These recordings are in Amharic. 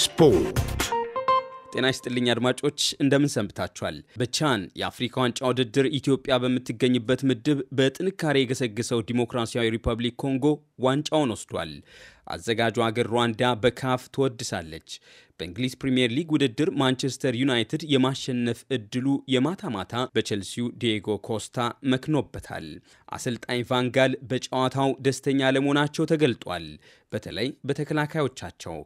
ስፖርት ጤና ይስጥልኝ አድማጮች፣ እንደምን ሰንብታችኋል? በቻን የአፍሪካ ዋንጫ ውድድር ኢትዮጵያ በምትገኝበት ምድብ በጥንካሬ የገሰገሰው ዲሞክራሲያዊ ሪፐብሊክ ኮንጎ ዋንጫውን ወስዷል። አዘጋጁ አገር ሩዋንዳ በካፍ ትወድሳለች። በእንግሊዝ ፕሪምየር ሊግ ውድድር ማንቸስተር ዩናይትድ የማሸነፍ እድሉ የማታ ማታ በቼልሲው ዲየጎ ኮስታ መክኖበታል። አሰልጣኝ ቫንጋል በጨዋታው ደስተኛ ለመሆናቸው ተገልጧል። በተለይ በተከላካዮቻቸው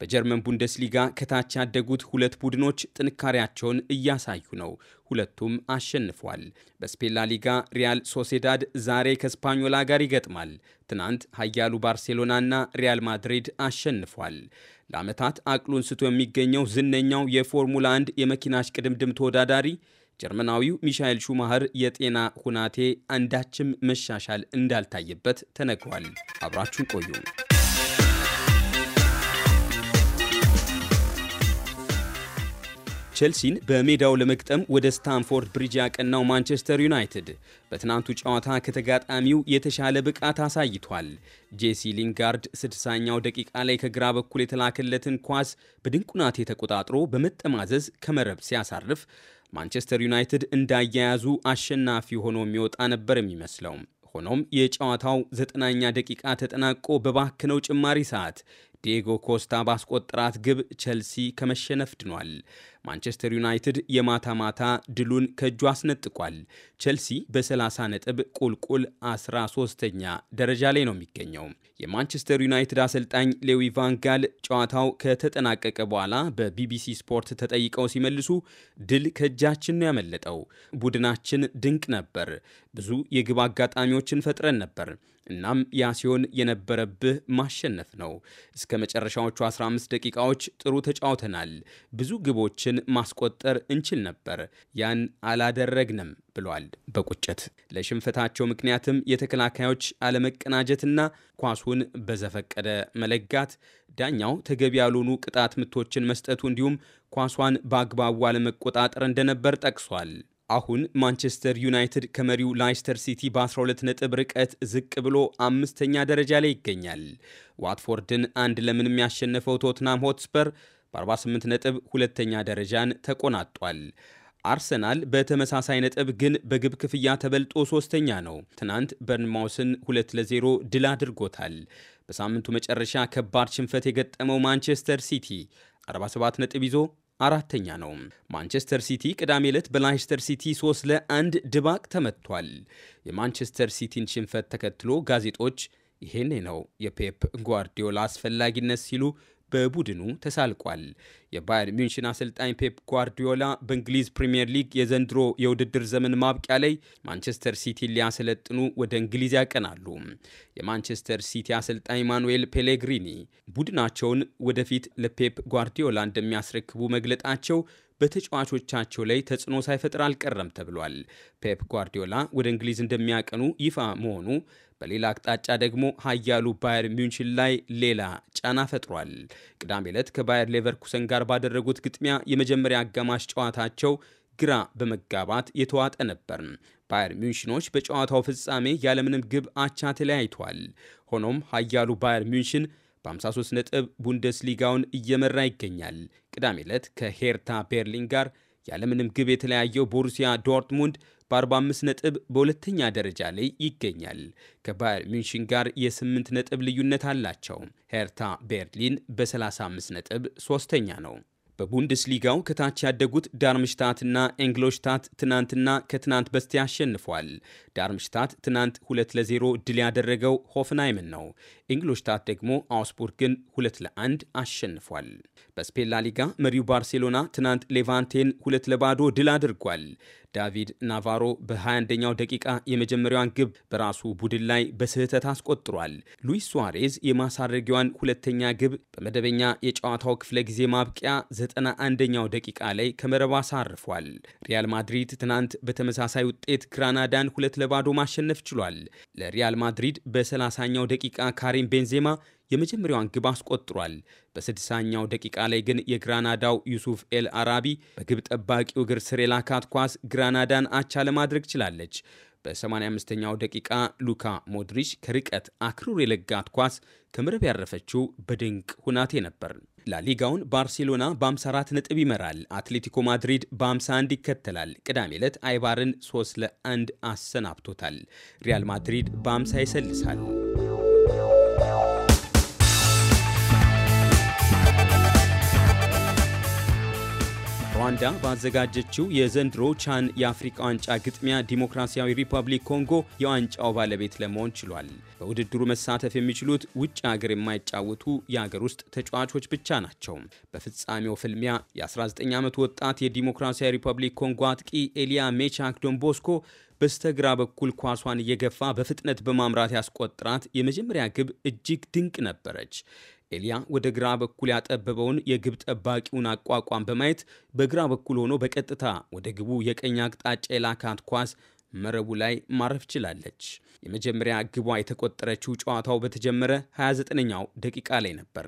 በጀርመን ቡንደስሊጋ ከታች ያደጉት ሁለት ቡድኖች ጥንካሬያቸውን እያሳዩ ነው። ሁለቱም አሸንፏል። በስፔን ሊጋ ሪያል ሶሴዳድ ዛሬ ከስፓኞላ ጋር ይገጥማል። ትናንት ኃያሉ ባርሴሎናና ሪያል ማድሪድ አሸንፏል። ለዓመታት አቅሉን ስቶ የሚገኘው ዝነኛው የፎርሙላ 1 የመኪና እሽቅድምድም ተወዳዳሪ ጀርመናዊው ሚሻኤል ሹማኸር የጤና ሁናቴ አንዳችም መሻሻል እንዳልታየበት ተነግሯል። አብራችሁን ቆዩ። ቼልሲን በሜዳው ለመግጠም ወደ ስታንፎርድ ብሪጅ ያቀናው ማንቸስተር ዩናይትድ በትናንቱ ጨዋታ ከተጋጣሚው የተሻለ ብቃት አሳይቷል። ጄሲ ሊንጋርድ ስድሳኛው ደቂቃ ላይ ከግራ በኩል የተላከለትን ኳስ በድንቁናቴ ተቆጣጥሮ በመጠማዘዝ ከመረብ ሲያሳርፍ ማንቸስተር ዩናይትድ እንዳያያዙ አሸናፊ ሆኖ የሚወጣ ነበር የሚመስለው። ሆኖም የጨዋታው ዘጠናኛ ደቂቃ ተጠናቆ በባክነው ጭማሪ ሰዓት ዲየጎ ኮስታ ባስቆጠራት ግብ ቸልሲ ከመሸነፍ ድኗል። ማንቸስተር ዩናይትድ የማታ ማታ ድሉን ከእጁ አስነጥቋል። ቸልሲ በ30 ነጥብ ቁልቁል 13ተኛ ደረጃ ላይ ነው የሚገኘው። የማንቸስተር ዩናይትድ አሰልጣኝ ሌዊ ቫንጋል ጨዋታው ከተጠናቀቀ በኋላ በቢቢሲ ስፖርት ተጠይቀው ሲመልሱ ድል ከእጃችን ነው ያመለጠው። ቡድናችን ድንቅ ነበር። ብዙ የግብ አጋጣሚዎችን ፈጥረን ነበር። እናም ያ ሲሆን የነበረብህ ማሸነፍ ነው እስከ እስከ መጨረሻዎቹ 15 ደቂቃዎች ጥሩ ተጫውተናል። ብዙ ግቦችን ማስቆጠር እንችል ነበር፣ ያን አላደረግንም ብሏል በቁጭት። ለሽንፈታቸው ምክንያትም የተከላካዮች አለመቀናጀትና ኳሱን በዘፈቀደ መለጋት፣ ዳኛው ተገቢ ያልሆኑ ቅጣት ምቶችን መስጠቱ እንዲሁም ኳሷን በአግባቡ አለመቆጣጠር እንደነበር ጠቅሷል። አሁን ማንቸስተር ዩናይትድ ከመሪው ላይስተር ሲቲ በ12 ነጥብ ርቀት ዝቅ ብሎ አምስተኛ ደረጃ ላይ ይገኛል። ዋትፎርድን አንድ ለምንም ያሸነፈው ቶትናም ሆትስፐር በ48 ነጥብ ሁለተኛ ደረጃን ተቆናጧል። አርሰናል በተመሳሳይ ነጥብ ግን በግብ ክፍያ ተበልጦ ሶስተኛ ነው። ትናንት በርንማውስን ለ0 ድል አድርጎታል። በሳምንቱ መጨረሻ ከባድ ሽንፈት የገጠመው ማንቸስተር ሲቲ 47 ነጥብ ይዞ አራተኛ ነው። ማንቸስተር ሲቲ ቅዳሜ ዕለት በላይስተር ሲቲ 3 ለአንድ ድባቅ ተመቷል። የማንቸስተር ሲቲን ሽንፈት ተከትሎ ጋዜጦች ይሄኔ ነው የፔፕ ጓርዲዮላ አስፈላጊነት ሲሉ በቡድኑ ተሳልቋል። የባየር ሚንሽን አሰልጣኝ ፔፕ ጓርዲዮላ በእንግሊዝ ፕሪምየር ሊግ የዘንድሮ የውድድር ዘመን ማብቂያ ላይ ማንቸስተር ሲቲ ሊያሰለጥኑ ወደ እንግሊዝ ያቀናሉ። የማንቸስተር ሲቲ አሰልጣኝ ማኑኤል ፔሌግሪኒ ቡድናቸውን ወደፊት ለፔፕ ጓርዲዮላ እንደሚያስረክቡ መግለጣቸው በተጫዋቾቻቸው ላይ ተጽዕኖ ሳይፈጥር አልቀረም ተብሏል። ፔፕ ጓርዲዮላ ወደ እንግሊዝ እንደሚያቀኑ ይፋ መሆኑ በሌላ አቅጣጫ ደግሞ ኃያሉ ባየር ሚንሽን ላይ ሌላ ጫና ፈጥሯል። ቅዳሜ ዕለት ከባየር ሌቨርኩሰን ጋር ባደረጉት ግጥሚያ የመጀመሪያ አጋማሽ ጨዋታቸው ግራ በመጋባት የተዋጠ ነበር። ባየር ሚንሽኖች በጨዋታው ፍጻሜ ያለምንም ግብ አቻ ተለያይቷል። ሆኖም ኃያሉ ባየር ሚንሽን በ53 ነጥብ ቡንደስሊጋውን እየመራ ይገኛል። ቅዳሜ ዕለት ከሄርታ ቤርሊን ጋር ያለምንም ግብ የተለያየው ቦሩሲያ ዶርትሙንድ በ45 ነጥብ በሁለተኛ ደረጃ ላይ ይገኛል። ከባየር ሚንሽን ጋር የ8 ነጥብ ልዩነት አላቸው። ሄርታ ቤርሊን በ35 ነጥብ ሶስተኛ ነው። በቡንደስሊጋው ከታች ያደጉት ዳርምሽታትና ኤንግሎሽታት ትናንትና ከትናንት በስቲያ አሸንፏል። ዳርምሽታት ትናንት ሁለት ለዜሮ ድል ያደረገው ሆፍንሃይምን ነው። ኢንግሎሽታት ደግሞ አውስቡርግን ሁለት ለአንድ አሸንፏል። በስፔን ሊጋ መሪው ባርሴሎና ትናንት ሌቫንቴን ሁለት ለባዶ ድል አድርጓል። ዳቪድ ናቫሮ በ21ኛው ደቂቃ የመጀመሪያዋን ግብ በራሱ ቡድን ላይ በስህተት አስቆጥሯል። ሉዊስ ሱዋሬዝ የማሳረጊዋን ሁለተኛ ግብ በመደበኛ የጨዋታው ክፍለ ጊዜ ማብቂያ 91ኛው ደቂቃ ላይ ከመረብ አሳርፏል። ሪያል ማድሪድ ትናንት በተመሳሳይ ውጤት ግራናዳን ሁለት ለባዶ ማሸነፍ ችሏል። ለሪያል ማድሪድ በ30ኛው ደቂቃ ካሪም ቤንዜማ የመጀመሪያዋን ግብ አስቆጥሯል። በስድሳኛው ደቂቃ ላይ ግን የግራናዳው ዩሱፍ ኤል አራቢ በግብ ጠባቂው እግር ስር የላካት ኳስ ግራናዳን አቻ ለማድረግ ችላለች። በ85ኛው ደቂቃ ሉካ ሞድሪች ከርቀት አክሩር የለጋት ኳስ ከመረብ ያረፈችው በድንቅ ሁናቴ ነበር። ላሊጋውን ባርሴሎና በ54 ነጥብ ይመራል። አትሌቲኮ ማድሪድ በ51 ይከተላል። ቅዳሜ ዕለት አይባርን 3 ለ1 አሰናብቶታል። ሪያል ማድሪድ በ50 ይሰልሳል። ሩዋንዳ ባዘጋጀችው የዘንድሮ ቻን የአፍሪካ ዋንጫ ግጥሚያ ዲሞክራሲያዊ ሪፐብሊክ ኮንጎ የዋንጫው ባለቤት ለመሆን ችሏል። በውድድሩ መሳተፍ የሚችሉት ውጭ ሀገር የማይጫወቱ የአገር ውስጥ ተጫዋቾች ብቻ ናቸው። በፍጻሜው ፍልሚያ የ19 ዓመቱ ወጣት የዲሞክራሲያዊ ሪፐብሊክ ኮንጎ አጥቂ ኤሊያ ሜቻክ ዶንቦስኮ በስተግራ በኩል ኳሷን እየገፋ በፍጥነት በማምራት ያስቆጥራት የመጀመሪያ ግብ እጅግ ድንቅ ነበረች። ኤልያ ወደ ግራ በኩል ያጠበበውን የግብ ጠባቂውን አቋቋም በማየት በግራ በኩል ሆኖ በቀጥታ ወደ ግቡ የቀኝ አቅጣጫ የላካት ኳስ መረቡ ላይ ማረፍ ችላለች። የመጀመሪያ ግቧ የተቆጠረችው ጨዋታው በተጀመረ 29ኛው ደቂቃ ላይ ነበር።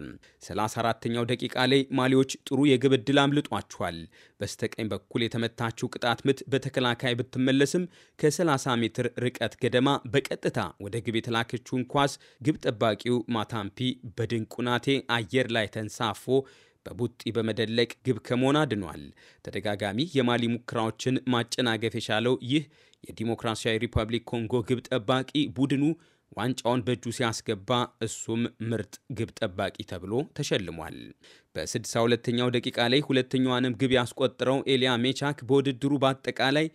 34ኛው ደቂቃ ላይ ማሊዎች ጥሩ የግብ ዕድል አምልጧቸዋል። በስተቀኝ በኩል የተመታችው ቅጣት ምት በተከላካይ ብትመለስም ከ30 ሜትር ርቀት ገደማ በቀጥታ ወደ ግብ የተላከችውን ኳስ ግብ ጠባቂው ማታምፒ በድንቁናቴ አየር ላይ ተንሳፎ በቡጢ በመደለቅ ግብ ከመሆን አድኗል። ተደጋጋሚ የማሊ ሙከራዎችን ማጨናገፍ የቻለው ይህ የዲሞክራሲያዊ ሪፐብሊክ ኮንጎ ግብ ጠባቂ ቡድኑ ዋንጫውን በእጁ ሲያስገባ እሱም ምርጥ ግብ ጠባቂ ተብሎ ተሸልሟል። በ62ኛው ደቂቃ ላይ ሁለተኛዋንም ግብ ያስቆጠረው ኤልያ ሜቻክ በውድድሩ በአጠቃላይ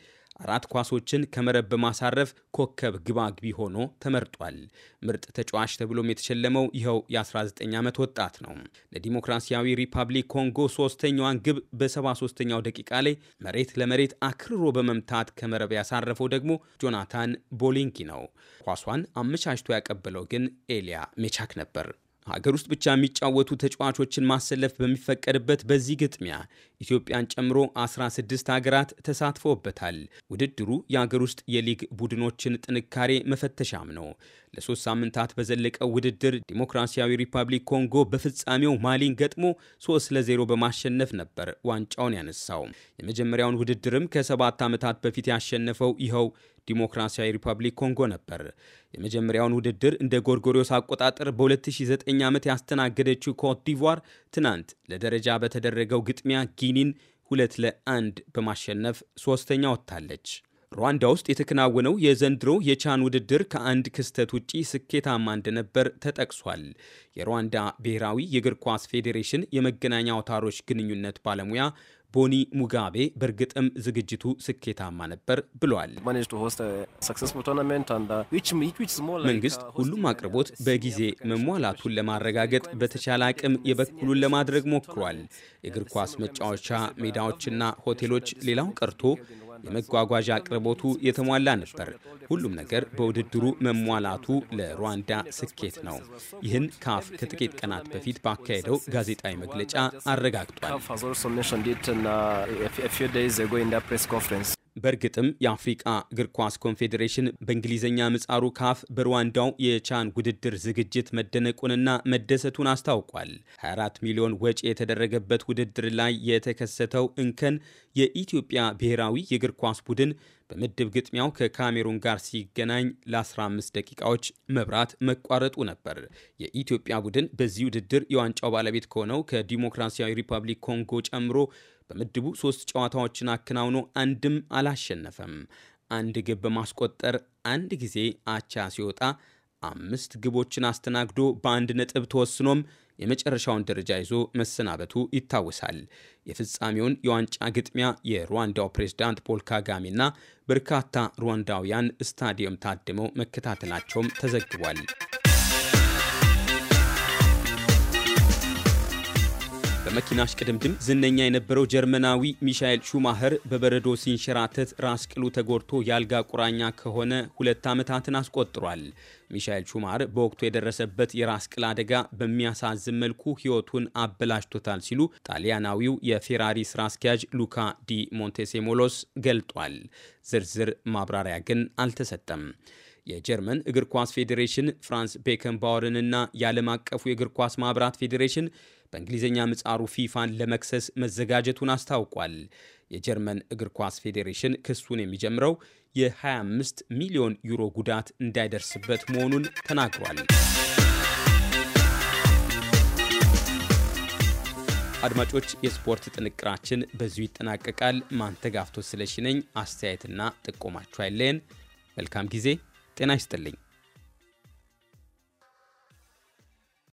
አራት ኳሶችን ከመረብ በማሳረፍ ኮከብ ግባግቢ ሆኖ ተመርጧል። ምርጥ ተጫዋች ተብሎም የተሸለመው ይኸው የ19 ዓመት ወጣት ነው። ለዲሞክራሲያዊ ሪፐብሊክ ኮንጎ ሶስተኛዋን ግብ በ73ኛው ደቂቃ ላይ መሬት ለመሬት አክርሮ በመምታት ከመረብ ያሳረፈው ደግሞ ጆናታን ቦሊንኪ ነው። ኳሷን አመቻችቶ ያቀበለው ግን ኤሊያ ሜቻክ ነበር። ሀገር ውስጥ ብቻ የሚጫወቱ ተጫዋቾችን ማሰለፍ በሚፈቀድበት በዚህ ግጥሚያ ኢትዮጵያን ጨምሮ 16 ሀገራት ተሳትፎበታል። ውድድሩ የሀገር ውስጥ የሊግ ቡድኖችን ጥንካሬ መፈተሻም ነው። ለሶስት ሳምንታት በዘለቀው ውድድር ዲሞክራሲያዊ ሪፐብሊክ ኮንጎ በፍጻሜው ማሊን ገጥሞ ሶስት ለዜሮ በማሸነፍ ነበር ዋንጫውን ያነሳው። የመጀመሪያውን ውድድርም ከሰባት ዓመታት በፊት ያሸነፈው ይኸው ዲሞክራሲያዊ ሪፐብሊክ ኮንጎ ነበር። የመጀመሪያውን ውድድር እንደ ጎርጎሪዮስ አቆጣጠር በ2009 ዓመት ያስተናገደችው ኮት ዲቯር ትናንት ለደረጃ በተደረገው ግጥሚያ ጊኒን ሁለት ለአንድ በማሸነፍ ሶስተኛ ወጥታለች። ሩዋንዳ ውስጥ የተከናወነው የዘንድሮ የቻን ውድድር ከአንድ ክስተት ውጪ ስኬታማ እንደነበር ተጠቅሷል። የሩዋንዳ ብሔራዊ የእግር ኳስ ፌዴሬሽን የመገናኛ አውታሮች ግንኙነት ባለሙያ ቦኒ ሙጋቤ በእርግጥም ዝግጅቱ ስኬታማ ነበር ብሏል። መንግስት ሁሉም አቅርቦት በጊዜ መሟላቱን ለማረጋገጥ በተቻለ አቅም የበኩሉን ለማድረግ ሞክሯል። የእግር ኳስ መጫወቻ ሜዳዎችና ሆቴሎች፣ ሌላው ቀርቶ የመጓጓዣ አቅርቦቱ የተሟላ ነበር። ሁሉም ነገር በውድድሩ መሟላቱ ለሩዋንዳ ስኬት ነው። ይህን ካፍ ከጥቂት ቀናት በፊት ባካሄደው ጋዜጣዊ መግለጫ አረጋግጧል። በእርግጥም የአፍሪቃ እግር ኳስ ኮንፌዴሬሽን በእንግሊዝኛ ምጻሩ ካፍ በሩዋንዳው የቻን ውድድር ዝግጅት መደነቁንና መደሰቱን አስታውቋል። 24 ሚሊዮን ወጪ የተደረገበት ውድድር ላይ የተከሰተው እንከን የኢትዮጵያ ብሔራዊ የእግር ኳስ ቡድን በምድብ ግጥሚያው ከካሜሩን ጋር ሲገናኝ ለ15 ደቂቃዎች መብራት መቋረጡ ነበር። የኢትዮጵያ ቡድን በዚህ ውድድር የዋንጫው ባለቤት ከሆነው ከዲሞክራሲያዊ ሪፐብሊክ ኮንጎ ጨምሮ በምድቡ ሶስት ጨዋታዎችን አከናውኖ አንድም አላሸነፈም። አንድ ግብ በማስቆጠር አንድ ጊዜ አቻ ሲወጣ አምስት ግቦችን አስተናግዶ በአንድ ነጥብ ተወስኖም የመጨረሻውን ደረጃ ይዞ መሰናበቱ ይታወሳል። የፍጻሜውን የዋንጫ ግጥሚያ የሩዋንዳው ፕሬዝዳንት ፖል ካጋሜና በርካታ ሩዋንዳውያን ስታዲየም ታድመው መከታተላቸውም ተዘግቧል። በመኪና እሽቅድምድም ዝነኛ የነበረው ጀርመናዊ ሚሻኤል ሹማኸር በበረዶ ሲንሸራተት ራስ ቅሉ ተጎድቶ የአልጋ ቁራኛ ከሆነ ሁለት ዓመታትን አስቆጥሯል። ሚሻኤል ሹማር በወቅቱ የደረሰበት የራስ ቅል አደጋ በሚያሳዝን መልኩ ሕይወቱን አበላሽቶታል ሲሉ ጣሊያናዊው የፌራሪ ስራ አስኪያጅ ሉካ ዲ ሞንቴሴሞሎስ ገልጧል። ዝርዝር ማብራሪያ ግን አልተሰጠም። የጀርመን እግር ኳስ ፌዴሬሽን ፍራንስ ቤከንባወርንና የዓለም አቀፉ የእግር ኳስ ማኅበራት ፌዴሬሽን በእንግሊዝኛ ምጻሩ ፊፋን ለመክሰስ መዘጋጀቱን አስታውቋል። የጀርመን እግር ኳስ ፌዴሬሽን ክሱን የሚጀምረው የ25 ሚሊዮን ዩሮ ጉዳት እንዳይደርስበት መሆኑን ተናግሯል። አድማጮች፣ የስፖርት ጥንቅራችን በዚሁ ይጠናቀቃል። ማንተጋፍቶ ስለሽነኝ አስተያየትና ጥቆማችሁ አይለየን። መልካም ጊዜ። ጤና ይስጥልኝ።